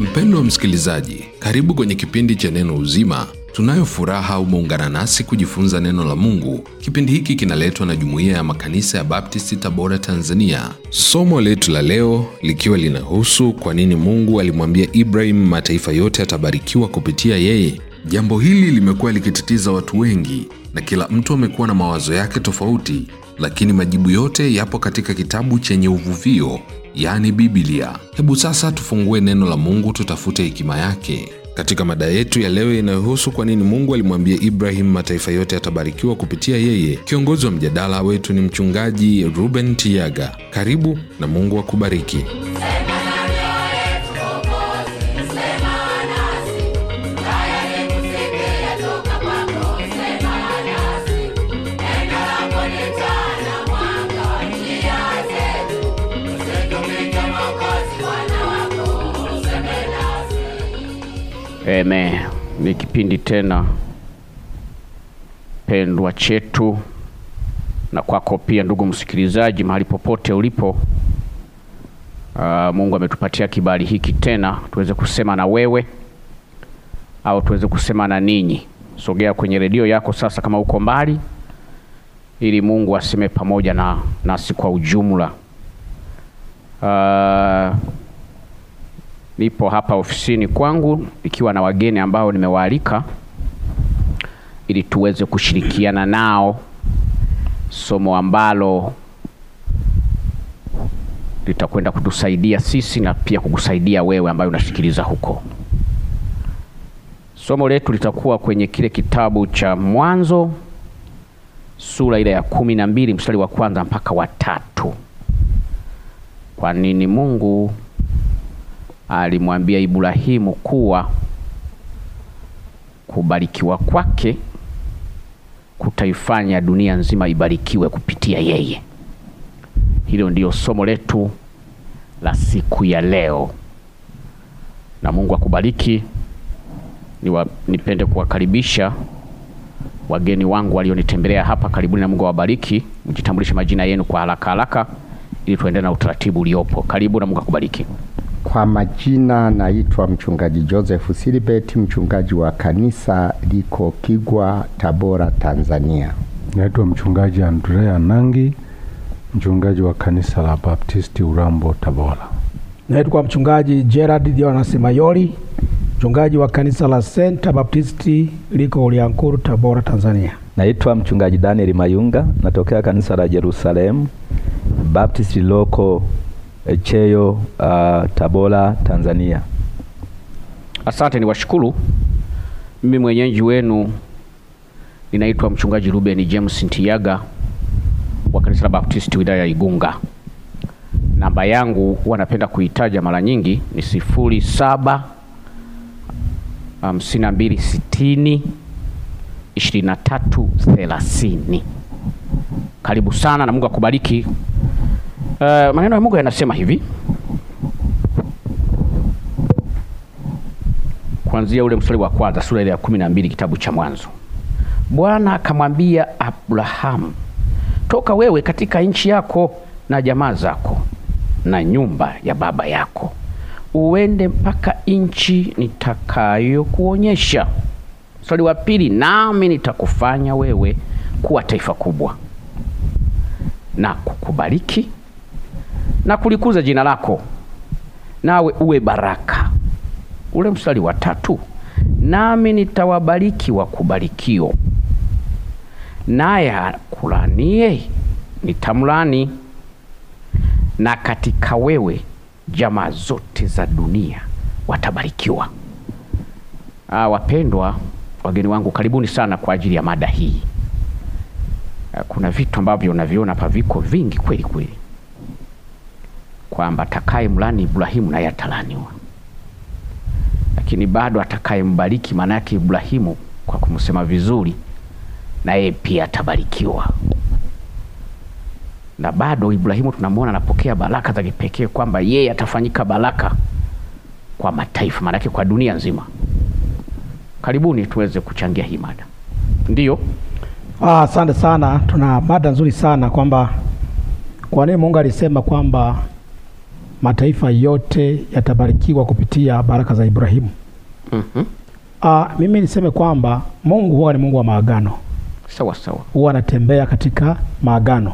Mpendo wa msikilizaji, karibu kwenye kipindi cha Neno Uzima. Tunayo furaha umeungana nasi kujifunza neno la Mungu. Kipindi hiki kinaletwa na Jumuiya ya Makanisa ya Baptisti, Tabora, Tanzania. Somo letu la leo likiwa linahusu kwa nini Mungu alimwambia ibrahim mataifa yote yatabarikiwa kupitia yeye. Jambo hili limekuwa likitatiza watu wengi na kila mtu amekuwa na mawazo yake tofauti, lakini majibu yote yapo katika kitabu chenye uvuvio, yaani Biblia. Hebu sasa tufungue neno la Mungu, tutafute hekima yake katika mada yetu ya leo inayohusu kwa nini Mungu alimwambia ibrahim mataifa yote yatabarikiwa kupitia yeye. Kiongozi wa mjadala wetu ni mchungaji Ruben Tiaga. Karibu na Mungu akubariki. Amen. Ni kipindi tena pendwa chetu na kwako pia ndugu msikilizaji, mahali popote ulipo. Uh, Mungu ametupatia kibali hiki tena tuweze kusema na wewe au tuweze kusema na ninyi. Sogea kwenye redio yako sasa, kama uko mbali, ili Mungu aseme pamoja na nasi kwa ujumla. Uh, Nipo hapa ofisini kwangu ikiwa na wageni ambao nimewaalika ili tuweze kushirikiana nao somo ambalo litakwenda kutusaidia sisi na pia kukusaidia wewe ambaye unasikiliza huko. Somo letu litakuwa kwenye kile kitabu cha Mwanzo sura ile ya kumi na mbili mstari wa kwanza mpaka wa tatu. Kwa nini Mungu alimwambia Ibrahimu kuwa kubarikiwa kwake kutaifanya dunia nzima ibarikiwe kupitia yeye. Hilo ndiyo somo letu la siku ya leo, na Mungu akubariki. Niwa, nipende kuwakaribisha wageni wangu walionitembelea hapa karibuni, na Mungu awabariki. Mjitambulishe majina yenu kwa haraka haraka, ili tuendelee na utaratibu uliopo. Karibu na Mungu akubariki. Kwa majina naitwa mchungaji Joseph Silibeti, mchungaji wa kanisa liko Kigwa, Tabora, Tanzania. Naitwa mchungaji Andrea Nangi, mchungaji wa kanisa la Baptisti Urambo, Tabora. Naitwa mchungaji Gerard Jonas Mayoli, mchungaji wa kanisa la Senta Baptisti liko Uliankuru, Tabora, Tanzania. Naitwa mchungaji Daniel Mayunga, natokea kanisa la Jerusalem Baptisti loko Eh, Cheyo, uh, Tabora, Tanzania. Asante, ni washukuru. Mimi mwenyeji wenu ninaitwa mchungaji Ruben James Ntiyaga wa kanisa la Baptisti wilaya ya Igunga. Namba yangu huwa napenda kuitaja mara nyingi ni sifuri saba hamsini na mbili sitini ishirini na tatu thelathini. Karibu sana na Mungu akubariki. Uh, maneno ya Mungu yanasema hivi kuanzia ule mstari wa kwanza sura ile ya kumi na mbili kitabu cha Mwanzo. Bwana akamwambia Abrahamu, toka wewe katika nchi yako na jamaa zako na nyumba ya baba yako, uende mpaka nchi nitakayokuonyesha. Mstari wa pili, nami nitakufanya wewe kuwa taifa kubwa na kukubariki na kulikuza jina lako, nawe uwe baraka. Ule mstari wa tatu, nami nitawabariki wakubarikio, naye akulaniye nitamlani, na katika wewe jamaa zote za dunia watabarikiwa. Ah, wapendwa wageni wangu, karibuni sana kwa ajili ya mada hii. Ah, kuna vitu ambavyo unaviona paviko viko vingi kweli kweli kwamba atakaye mlani Ibrahimu naye atalaniwa, lakini bado mbariki, maana yake Ibrahimu kwa kumsema vizuri, naye pia atabarikiwa. Na bado Ibrahimu tunamwona anapokea baraka za kipekee kwamba yeye atafanyika baraka kwa mataifa, maana yake kwa dunia nzima. Karibuni tuweze kuchangia hii mada. Ndio, ah, asante ah, sana. Tuna mada nzuri sana kwamba kwa nini Mungu alisema kwamba mataifa yote yatabarikiwa kupitia baraka za Ibrahimu. mm -hmm. mimi niseme kwamba Mungu huwa ni Mungu wa maagano. Sawa sawa. Huwa anatembea katika maagano,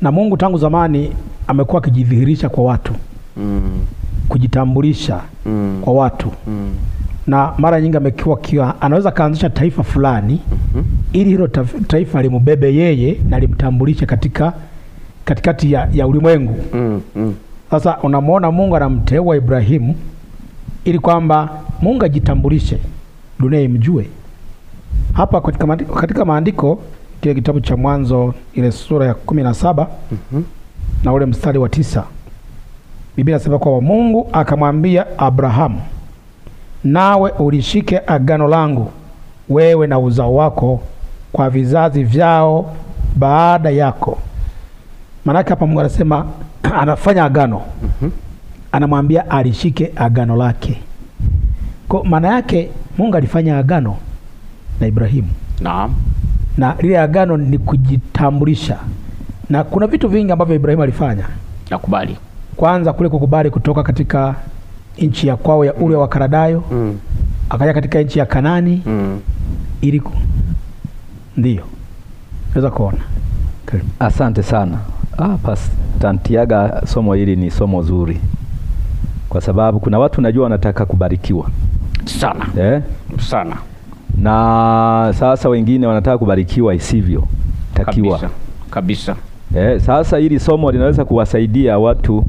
na Mungu tangu zamani amekuwa akijidhihirisha kwa watu mm. kujitambulisha mm. kwa watu mm. na mara nyingi amekuwa anaweza kaanzisha taifa fulani mm -hmm. ili hilo taifa limubebe yeye na limtambulishe katika katikati ya, ya ulimwengu mm. -hmm. Sasa unamwona Mungu anamteua Ibrahimu ili kwamba Mungu ajitambulishe, dunia imjue. Hapa katika, katika maandiko kile kitabu cha Mwanzo ile sura ya kumi na saba mm -hmm. na ule mstari wa tisa Biblia inasema kwamba Mungu akamwambia Abrahamu, nawe ulishike agano langu wewe na uzao wako kwa vizazi vyao baada yako. Maanake hapa Mungu anasema anafanya agano mm -hmm. anamwambia alishike agano lake. Kwa maana yake Mungu alifanya agano na Ibrahimu. na, Na lile agano ni kujitambulisha, na kuna vitu vingi ambavyo Ibrahimu alifanya. Nakubali. Kwanza kule kukubali kutoka katika nchi ya kwao ya Uru mm. wa karadayo mm. akaja katika nchi ya Kanani mm. ili ndiyo naweza kuona. Asante sana. Ah, Pastor somo hili ni somo zuri kwa sababu kuna watu najua wanataka kubarikiwa sana eh? sana na sasa wengine wanataka kubarikiwa isivyo takiwa kabisa, kabisa. Eh, sasa hili somo linaweza kuwasaidia watu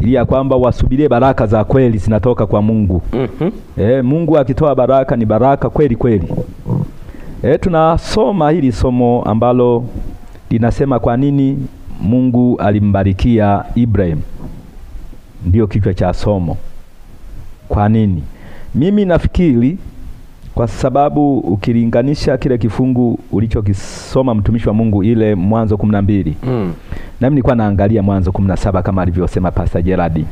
ili ya kwamba wasubirie baraka za kweli zinatoka kwa Mungu. mm -hmm. Eh, Mungu akitoa baraka ni baraka kweli kweli. Eh, tunasoma hili somo ambalo linasema kwa nini Mungu alimbarikia Ibrahim, ndiyo kichwa cha somo. Kwa nini? Mimi nafikiri kwa sababu ukilinganisha kile kifungu ulichokisoma mtumishi wa Mungu, ile Mwanzo kumi na mbili mm. nami nilikuwa naangalia Mwanzo kumi na saba kama alivyosema Pastor Gerard,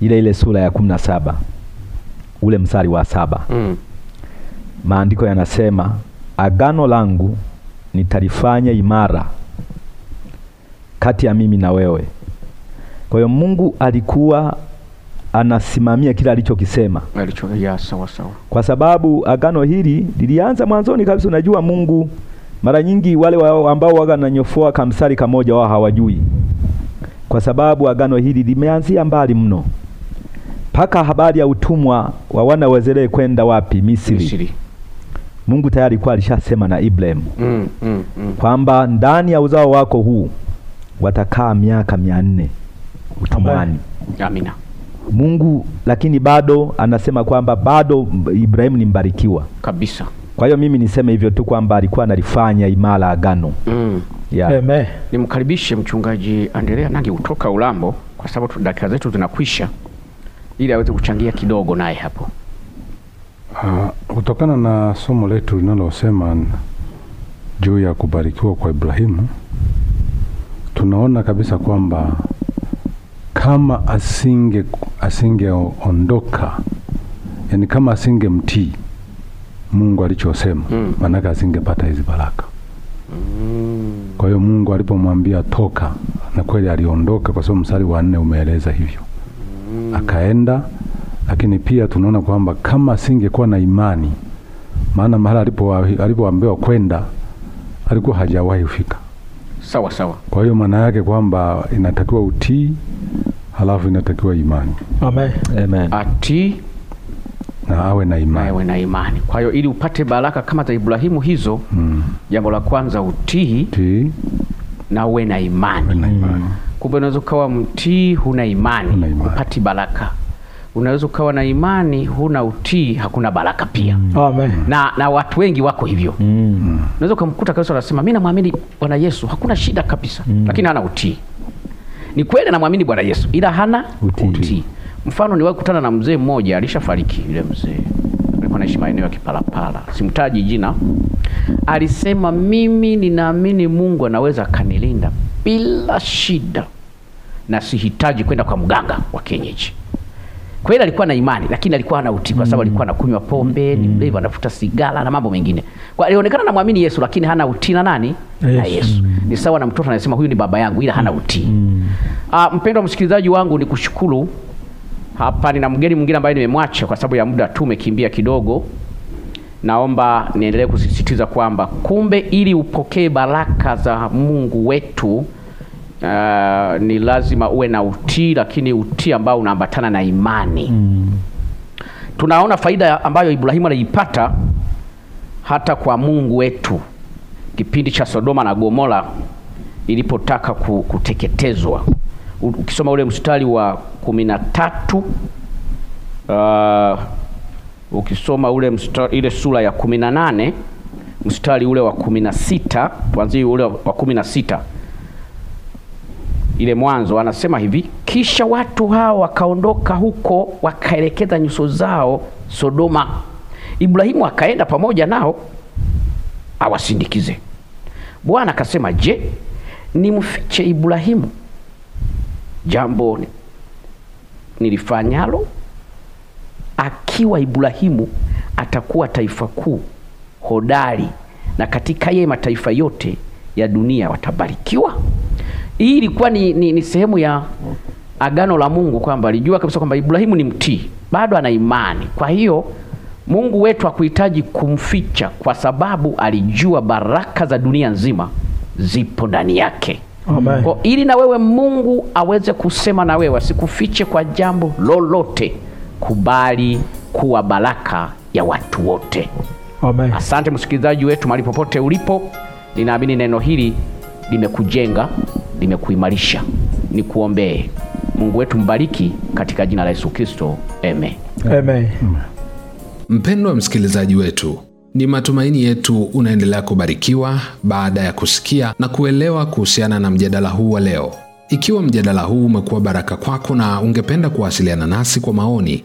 ile ile sura ya kumi na saba ule msari wa saba mm. maandiko yanasema agano langu nitalifanya imara kati ya mimi na wewe. Kwa hiyo Mungu alikuwa anasimamia kila alichokisema Alicho, ya, sawa, sawa. Kwa sababu agano hili lilianza mwanzoni kabisa. Unajua, Mungu mara nyingi wale wa ambao waga nanyofua kamsari kamoja wao hawajui, kwa sababu agano hili limeanzia mbali mno, mpaka habari ya utumwa wa wana wa Israeli kwenda wapi? Misri, Misri. Mungu tayari kwa alishasema na Ibrahimu mm, mm, mm. kwamba ndani ya uzao wako huu watakaa miaka mia nne utumwani. Amina. Mungu lakini bado anasema kwamba bado Ibrahimu ni mbarikiwa kabisa. Kwa hiyo mimi niseme hivyo tu kwamba alikuwa analifanya imara agano mm. yeah. Amen. Nimkaribishe mchungaji Andrea Nangi kutoka Ulambo kwa sababu dakika zetu zinakwisha, ili aweze kuchangia kidogo naye hapo ah, kutokana uh, na somo letu linalosema juu ya kubarikiwa kwa Ibrahimu tunaona kabisa kwamba kama asinge asingeondoka, yani kama mtii Mungu alichosema, mm. maanake asingepata hizi baraka mm. Kwa hiyo Mungu alipomwambia toka, na kweli aliondoka, kwa sababu msali wa nne umeeleza hivyo mm. Akaenda, lakini pia tunaona kwamba kama asingekuwa na imani, maana mahali alipoambiwa kwenda alikuwa hajawahi kufika sawa sawa. Kwa hiyo maana yake kwamba inatakiwa utii, halafu inatakiwa imani. Amen. Amen. Atii na awe na imani. Awe na imani. Kwa hiyo ili upate baraka kama za Ibrahimu hizo, hmm. jambo mm. la kwanza utii, utii na uwe na imani. Kumbe unaweza ukawa mtii huna imani, huna imani, upati baraka unaweza ukawa na imani huna utii, hakuna baraka pia. Mm. Amen. Mm. Na, na watu wengi wako hivyo mm. Unaweza ukamkuta kabisa anasema mimi namwamini Bwana Yesu, hakuna shida kabisa mm. Lakini hana utii. Ni kweli anamwamini Bwana Yesu ila hana utii, utii. Mfano niwahi kukutana na mzee mmoja alishafariki, yule mzee alikuwa anaishi maeneo ya Kipalapala, simtaji jina. Alisema mimi ninaamini Mungu anaweza akanilinda bila shida na sihitaji kwenda kwa mganga wa kienyeji. Kwa hiyo alikuwa na imani lakini alikuwa na utii kwa sababu mm. alikuwa anakunywa pombe, ni mm. mlevi, anavuta sigara na mambo mengine. Kwa alionekana namwamini Yesu lakini hana utii na nani? Na Yesu. Mm. Ni sawa na mtoto anasema huyu ni baba yangu ila hana utii. Ah, mpendwa msikilizaji wangu ni kushukuru Hapa nina mgeni mwingine ambaye nimemwacha kwa sababu ya muda tu umekimbia kidogo. Naomba niendelee kusisitiza kwamba kumbe ili upokee baraka za Mungu wetu uh, ni lazima uwe na utii, lakini utii ambao unaambatana na imani mm. Tunaona faida ambayo Ibrahimu aliipata hata kwa Mungu wetu kipindi cha Sodoma na Gomora ilipotaka kuteketezwa. Ukisoma ule mstari wa kumi na tatu uh, ukisoma ule mstari, ile sura ya kumi na nane mstari ule wa kumi na sita kuanzia ule wa kumi na sita ile Mwanzo anasema hivi, kisha watu hao wakaondoka huko wakaelekeza nyuso zao Sodoma. Ibrahimu akaenda pamoja nao awasindikize. Bwana akasema, je, nimfiche Ibrahimu jambo nilifanyalo? Akiwa Ibrahimu atakuwa taifa kuu hodari, na katika yeye mataifa yote ya dunia watabarikiwa. Hii ilikuwa ni, ni, ni sehemu ya agano la Mungu kwamba alijua kabisa kwamba Ibrahimu ni mtii, bado ana imani. Kwa hiyo Mungu wetu hakuhitaji kumficha kwa sababu alijua baraka za dunia nzima zipo ndani yake. Amen. Kwa ili na wewe Mungu aweze kusema na wewe, asikufiche kwa jambo lolote, kubali kuwa baraka ya watu wote. Amen. Asante msikilizaji wetu, mahali popote ulipo, ninaamini neno hili limekujenga limekuimarisha. Nikuombee. Mungu wetu mbariki katika jina la Yesu Kristo, amen. Amen. Mpendwa msikilizaji wetu, ni matumaini yetu unaendelea kubarikiwa baada ya kusikia na kuelewa kuhusiana na mjadala huu wa leo. Ikiwa mjadala huu umekuwa baraka kwako na ungependa kuwasiliana nasi kwa maoni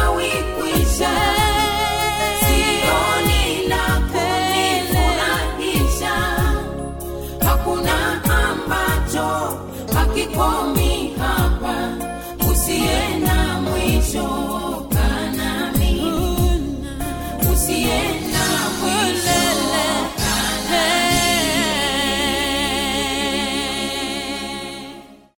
my we shine.